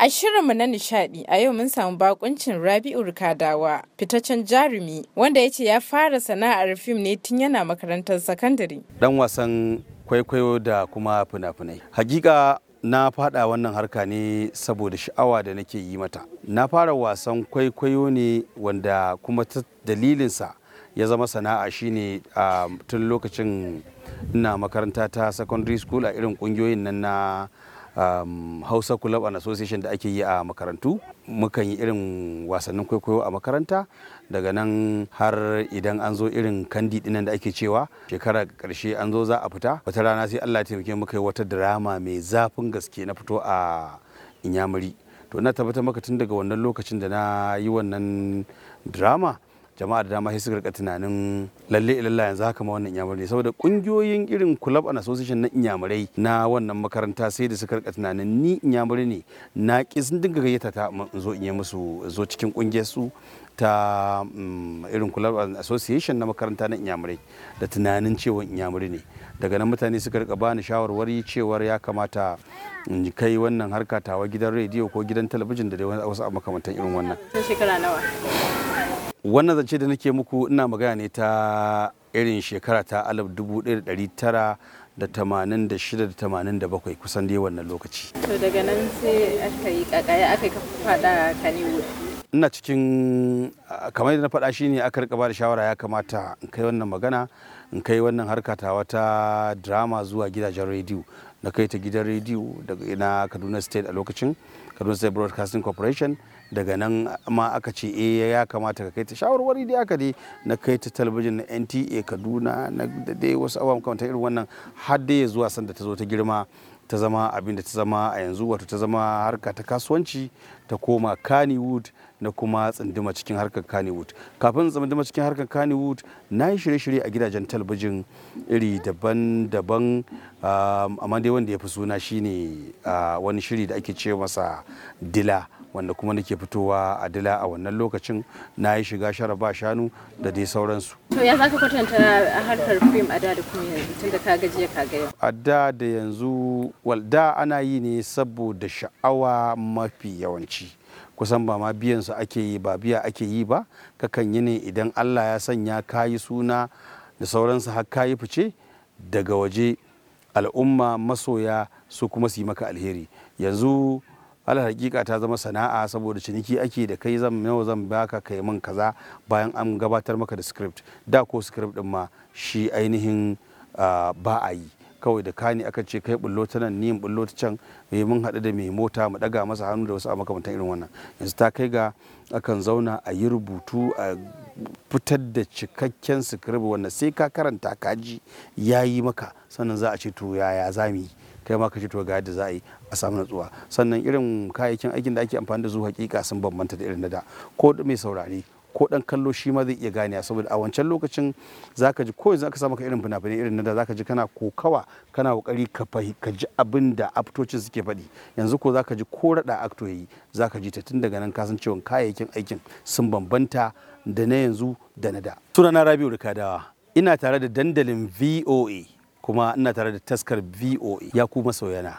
A shirinmu na nishadi a yau mun samu bakuncin Rabi'u Rikadawa, fitaccen jarumi wanda ya ce ya fara sana'ar fim ne tun yana makarantar sakandare. Dan wasan kwaikwayo da kuma fina-finai. Hakika na fada wannan harka ne saboda sha'awa da nake yi mata. Na fara wasan kwaikwayo ne wanda kuma dalilinsa ya zama sana'a shine tun lokacin ina makaranta ta secondary school a irin kungiyoyin nan na um, hausa club and association da ake yi a makarantu mukan yi irin wasannin kwaikwayo a makaranta daga nan har idan an zo irin kandi dinan da ake cewa shekara karshe an zo za a fita wata rana sai allah taimake muka yi wata drama mai zafin gaske na fito a inyamuri to na tabbatar maka tun daga wannan lokacin da na yi wannan drama jama'a da dama sai suka rika tunanin lalle ilalla yanzu haka ma wannan inyamurai saboda kungiyoyin irin club and association na inyamurai na wannan makaranta sai da suka rika tunanin ni inyamurai ne na ki sun dinga gayyata ta zo in yi musu zo cikin kungiyar su ta mm, irin club and association na makaranta na inyamurai da tunanin cewa inyamurai ne daga nan mutane suka rika bani shawarwari cewar ya kamata in kai wannan harka tawa gidan rediyo ko gidan talabijin da dai wasu a makamantan irin wannan tun shekara nawa wannan zance da nake muku ina magana ne ta irin shekara ta alif dubu da da da tamanin tamanin shida da bakwai kusan dai wannan lokaci to daga nan sai aka yi kakaya aka yi fada kanewood ina cikin kamar da na faɗa shi ne aka rika ba da shawara ya kamata in kai wannan magana in kai wannan harka ta wata drama zuwa gidajen rediyo na kai ta gidan rediyo na kaduna state a lokacin kaduna state broadcasting corporation daga nan ma aka ce e ya kamata ka kai ta shawarwari da aka dai na kai ta talabijin na nta kaduna na dai wasu abubuwan kamata irin wannan har dai zuwa sanda ta zo ta girma ta zama abin da ta zama a yanzu wato ta zama harka ta kasuwanci ta koma kannywood na kuma tsinduma cikin harkar kannywood kafin tsinduma cikin harkar kannywood na yi shirye-shirye a gidajen talabijin iri daban-daban um, amma dai wanda ya fi suna shine uh, wani shiri da ake ce masa dila wanda kuma nake fitowa a dila a wannan lokacin na yi shiga shara ba shanu da dai sauransu. To ya ka kwatanta harkar fim a da da kuma yanzu tun da ka gaji ka gaya. A da da yanzu walda ana yi ne saboda sha'awa mafi yawanci. kusan ba ma biyan su ake yi ba biya ake yi ba kakan yi ne idan Allah ya sanya kayi suna da sauransu har kayi fice daga waje al'umma masoya su kuma su yi maka alheri yanzu ala hakika ta zama sana'a saboda ciniki ake da kai zan nawa zan baka kai min kaza bayan an gabatar maka da script da ko script din ma shi ainihin ba a yi kawai da kani aka ce kai bullo ta nan niyin bullo ta can mai eh, mun haɗu da mai mota mu daga masa hannu da wasu a makamantan irin wannan yanzu ta kai ga akan zauna a yi rubutu a fitar da cikakken script wannan sai ka karanta kaji ya yi maka sannan za a ce to yaya za mu yi kai ma ka ga yadda za a yi a samu natsuwa sannan irin kayayyakin aikin da ake amfani da su hakika sun bambanta da irin na da ko mai saurari ko dan kallo shi ma zai iya gane saboda a wancan lokacin zaka ji ko zaka samu ka irin fina-finai irin na da zaka ji kana kokawa kana kokari ka ka ji abin da aftocin suke faɗi yanzu ko zaka ji ko raɗa acto yi zaka ji ta tun daga nan kasan cewa kayayyakin aikin sun bambanta da na yanzu da na da sunana Rabiu Rikadawa ina tare da dandalin VOA kuma ina tare da taskar voa ya kuma soyana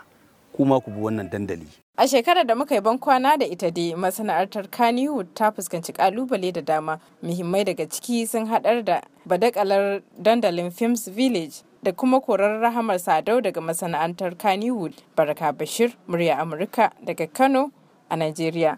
kuma ku bi wannan dandali a shekarar da muka yi bankwana da ita dai masana'antar kaniwood ta fuskanci kalubale da dama muhimmai daga ciki sun hadar da badakalar dandalin films village da kuma korar rahamar sadau daga masana'antar kaniwood baraka bashir murya amurka daga kano a nigeria